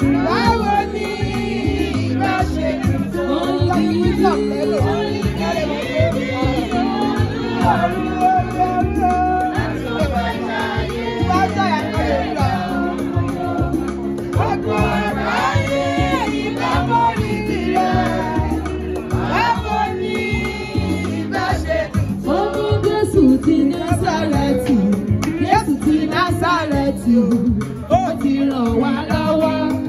ti Násárẹ́tì ó ti ràn wá lọ́wọ́.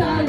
outside.